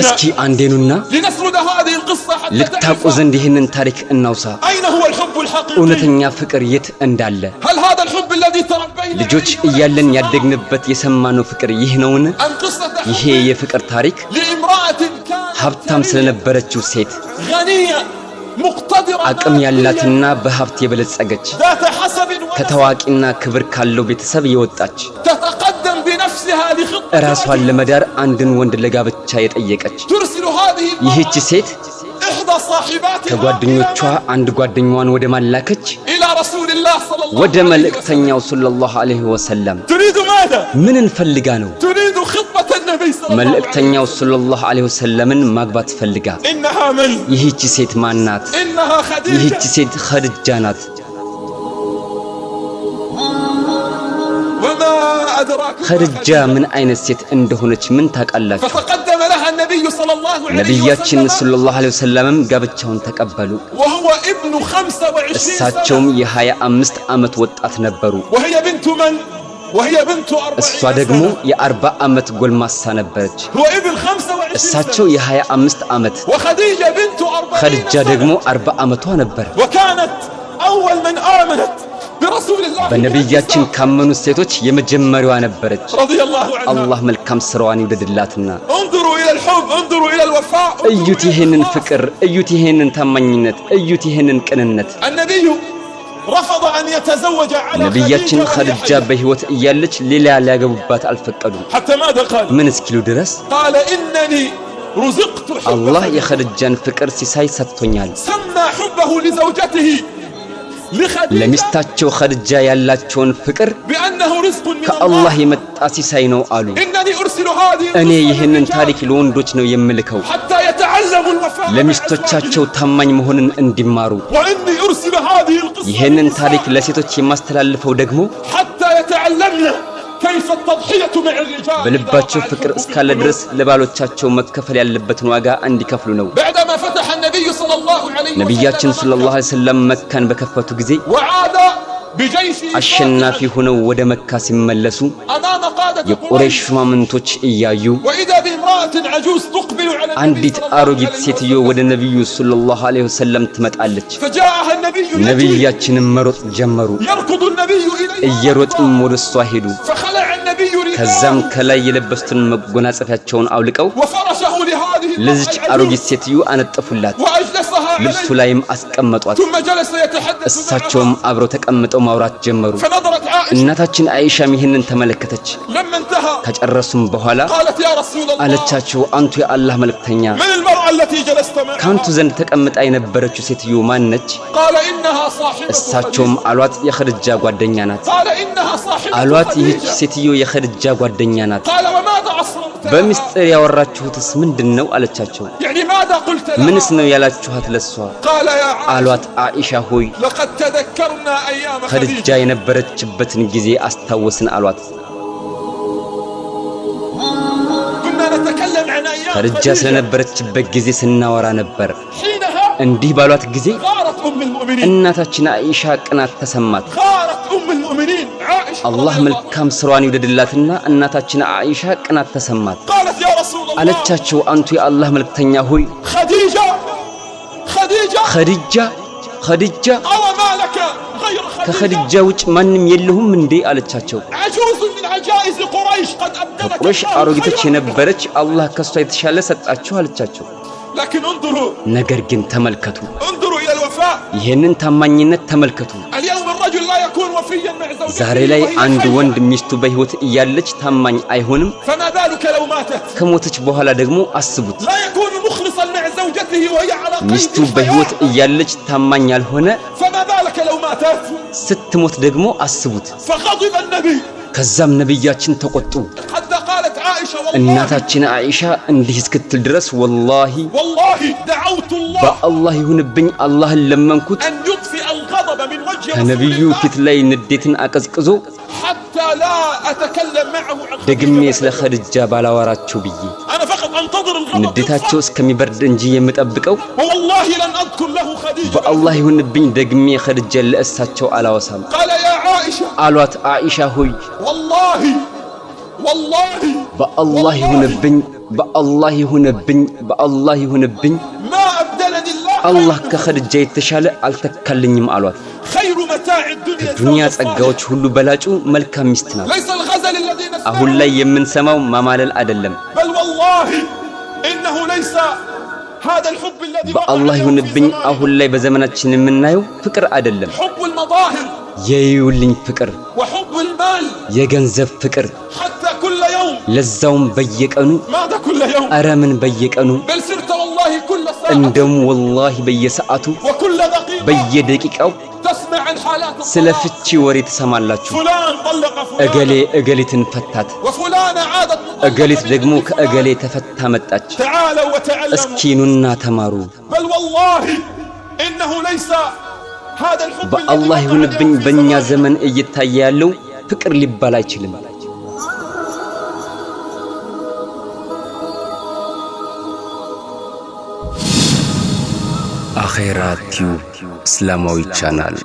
እስኪ አንዴኑና ልታውቁ ዘንድ ይህንን ታሪክ እናውሳ። እውነተኛ ፍቅር የት እንዳለ ልጆች እያለን ያደግንበት የሰማነው ፍቅር ይህ ነውን? ይሄ የፍቅር ታሪክ ሀብታም ስለነበረችው ሴት አቅም ያላትና በሀብት የበለጸገች ከታዋቂና ክብር ካለው ቤተሰብ የወጣች እራሷን ለመዳር አንድን ወንድ ለጋብቻ የጠየቀች ይህች ሴት ከጓደኞቿ አንድ ጓደኛዋን ወደ ማላከች ወደ መልእክተኛው ሰለላሁ ዐለይሂ ወሰለም ምንን ፈልጋ ነው? መልእክተኛው ሰለላሁ ዐለይሂ ወሰለምን ማግባት ፈልጋ። ይህች ሴት ማን ናት? ይህች ሴት ኸድጃ ናት። ኸድጃ ምን አይነት ሴት እንደሆነች ምን ታውቃላችሁ? ነቢያችን ሰለላሁ ዐለይሂ ወሰለምም ጋብቻውን ተቀበሉ። እሳቸውም የሃያ አምስት ዓመት ወጣት ነበሩ። እሷ ደግሞ የአርባ ዓመት ጎልማሳ ነበረች። እሳቸው የሃያ አምስት ዓመት ኸድጃ ደግሞ አርባ ዓመቷ ነበር። በነቢያችን ካመኑት ሴቶች የመጀመሪያዋ ነበረች። አላህ መልካም ስራዋን ይውደድላትና እዩት ይህንን ፍቅር፣ እዩት ይህንን ታማኝነት፣ እዩት ይህንን ቅንነት። ነቢያችን ኸድጃ በሕይወት እያለች ሌላ ሊያገቡባት አልፈቀዱም። ምን እስኪሉ ድረስ አላህ የኸድጃን ፍቅር ሲሳይ ሰጥቶኛል። ለሚስታቸው ኸድጃ ያላቸውን ፍቅር ከአላህ የመጣ ሲሳይ ነው አሉ። እኔ ይህንን ታሪክ ለወንዶች ነው የምልከው፣ ለሚስቶቻቸው ታማኝ መሆንን እንዲማሩ። ይህንን ታሪክ ለሴቶች የማስተላልፈው ደግሞ በልባቸው ፍቅር እስካለ ድረስ ለባሎቻቸው መከፈል ያለበትን ዋጋ እንዲከፍሉ ነው። ነቢያችን ሰለላሁ ዐለይሂ ወሰለም መካን በከፈቱ ጊዜ አሸናፊ ሆነው ወደ መካ ሲመለሱ የቁረይሽ ሹማምንቶች እያዩ አንዲት አሮጊት ሴትዮ ወደ ነቢዩ ሰለላሁ ዐለይሂ ወሰለም ትመጣለች። ነቢያችንም መሮጥ ጀመሩ። እየሮጥም ወደ እሷ ሄዱ። ከዛም ከላይ የለበሱትን መጎናጸፊያቸውን አውልቀው ለዚች አሮጊት ሴትዮ አነጠፉላት፣ ልብሱ ላይም አስቀመጧት። እሳቸውም አብረው ተቀምጠው ማውራት ጀመሩ። እናታችን አይሻም ይህንን ተመለከተች። ከጨረሱም በኋላ አለቻቸው፣ አንቱ የአላህ መልእክተኛ ካንቱ ዘንድ ተቀምጣ የነበረችው ሴትዮ ማነች? እሳቸውም አሏት የኸድጃ ጓደኛ ናት አሏት። ይህች ሴትዮ የኸድጃ ጓደኛ ናት። በምስጢር ያወራችሁትስ ምንድን ነው አለቻቸው። ምንስ ነው ያላችኋት ለሷ አሏት። አኢሻ ሆይ ኸድጃ የነበረችበትን ጊዜ አስታወስን አሏት። ፈርጃ ስለነበረችበት ጊዜ ስናወራ ነበር። እንዲህ ባሏት ጊዜ እናታችን አይሻ ቅናት ተሰማት። አላህ መልካም ስሯን ይውደድላትና እናታችን አይሻ ቅናት ተሰማት። አለቻቸው፣ አንቱ የአላህ መልክተኛ ሆይ ኸዲጃ ኸዲጃ ከኸዲጃ ውጭ ማንም የለሁም እንዴ? አለቻቸው ከቁረሽ አሮጊቶች የነበረች አላህ ከሷ የተሻለ ሰጣችሁ አለቻቸው። ነገር ግን ተመልከቱ፣ ይህንን ታማኝነት ተመልከቱ። ዛሬ ላይ አንድ ወንድ ሚስቱ በሕይወት እያለች ታማኝ አይሆንም። ከሞተች በኋላ ደግሞ አስቡት። ሚስቱ በሕይወት እያለች ታማኝ ያልሆነ ስትሞት ደግሞ አስቡት። ከዛም ነቢያችን ተቆጡ። እናታችን አኢሻ እንዲህ እስክትል ድረስ ወላሂ በአላህ ይሁንብኝ አላህን ለመንኩት ከነቢዩ ፊት ላይ ንዴትን አቀዝቅዞ ደግሜ ስለ ኸድጃ ባላወራችሁ ብዬ ንዴታቸው እስከሚበርድ እንጂ የምጠብቀው በአላህ ይሁንብኝ ደግሜ ኸድጃን ለእሳቸው አላወሳም። አሏት። አኢሻ ሆይ በአላህ ይሁንብኝ፣ በአላህ ይሁንብኝ፣ በአላህ ይሁንብኝ፣ አላህ ከኸድጃ የተሻለ አልተካልኝም አሏት። ከዱንያ ጸጋዎች ሁሉ በላጩ መልካም ሚስት ናት። አሁን ላይ የምንሰማው ማማለል አይደለም። በአላህ ይሁንብኝ አሁን ላይ በዘመናችን የምናየው ፍቅር አይደለም። የይውልኝ ፍቅር የገንዘብ ፍቅር ለዛውም በየቀኑ አረምን በየቀኑ እንደውም ወላሂ በየሰዓቱ በየደቂቃው ስለ ፍቺ ወሬ ትሰማላችሁ። እገሌ እገሊትን ፈታት፣ እገሊት ደግሞ ከእገሌ ተፈታ መጣች። እስኪኑና ተማሩ። በአላህ ይሁንብኝ በእኛ ዘመን እየታየ ያለው ፍቅር ሊባል አይችልም። አኼራ ቲዩብ እስላማዊ ቻናል